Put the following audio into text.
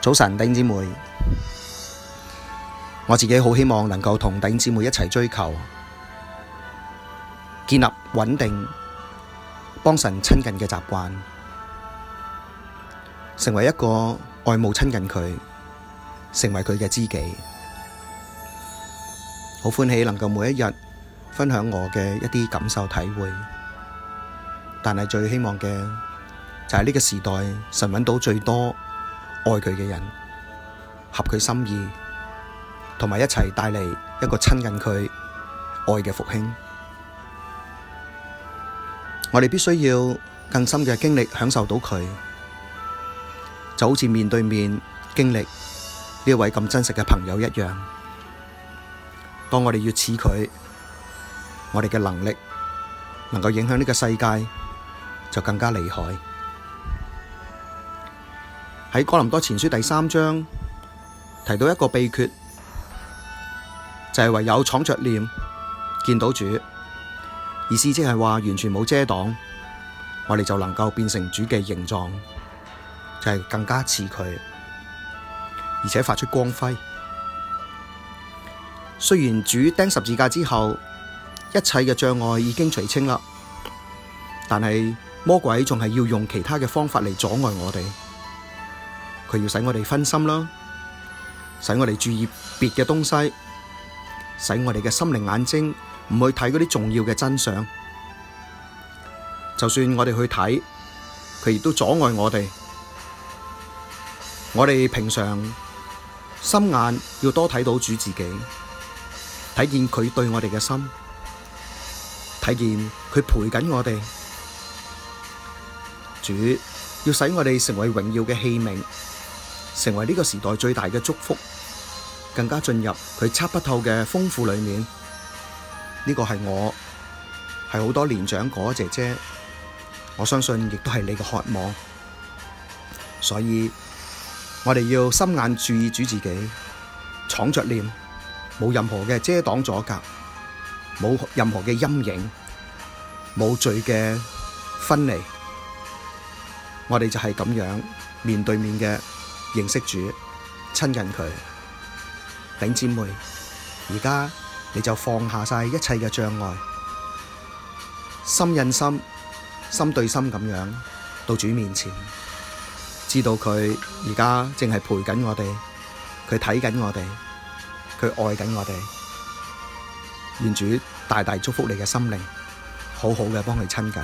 早晨，丁姊妹，我自己好希望能夠同丁姊妹一齊追求，建立穩定，幫神親近嘅習慣，成為一個愛慕親近佢，成為佢嘅知己。好歡喜能夠每一日分享我嘅一啲感受體會，但係最希望嘅就係呢個時代神揾到最多。愛佢嘅人，合佢心意，同埋一齊帶嚟一個親近佢愛嘅復興。我哋必須要更深嘅經歷，享受到佢，就好似面對面經歷呢位咁真實嘅朋友一樣。當我哋越似佢，我哋嘅能力能夠影響呢個世界，就更加厲害。喺哥林多前書第三章提到一個祕訣，就係唯有敞着臉見到主，意思即係話完全冇遮擋，我哋就能夠變成主嘅形狀，就係更加似佢，而且發出光輝。雖然主釘十字架之後，一切嘅障礙已經除清啦，但係魔鬼仲係要用其他嘅方法嚟阻礙我哋。佢要使我哋分心咯，使我哋注意別嘅東西，使我哋嘅心靈眼睛唔去睇嗰啲重要嘅真相。就算我哋去睇，佢亦都阻礙我哋。我哋平常心眼要多睇到主自己，睇見佢對我哋嘅心，睇見佢陪緊我哋。主要使我哋成為榮耀嘅器皿。成為呢個時代最大嘅祝福，更加進入佢測不透嘅豐富裏面。呢、這個係我係好多年長嗰姐姐，我相信亦都係你嘅渴望。所以，我哋要心眼注意住自己，敞著臉，冇任何嘅遮擋阻隔，冇任何嘅陰影，冇罪嘅分離。我哋就係咁樣面對面嘅。認識主，親近佢，弟兄姊妹，而家你就放下晒一切嘅障礙，心印心，心對心咁樣到主面前，知道佢而家正係陪緊我哋，佢睇緊我哋，佢愛緊我哋，願主大大祝福你嘅心靈，好好嘅幫佢親近。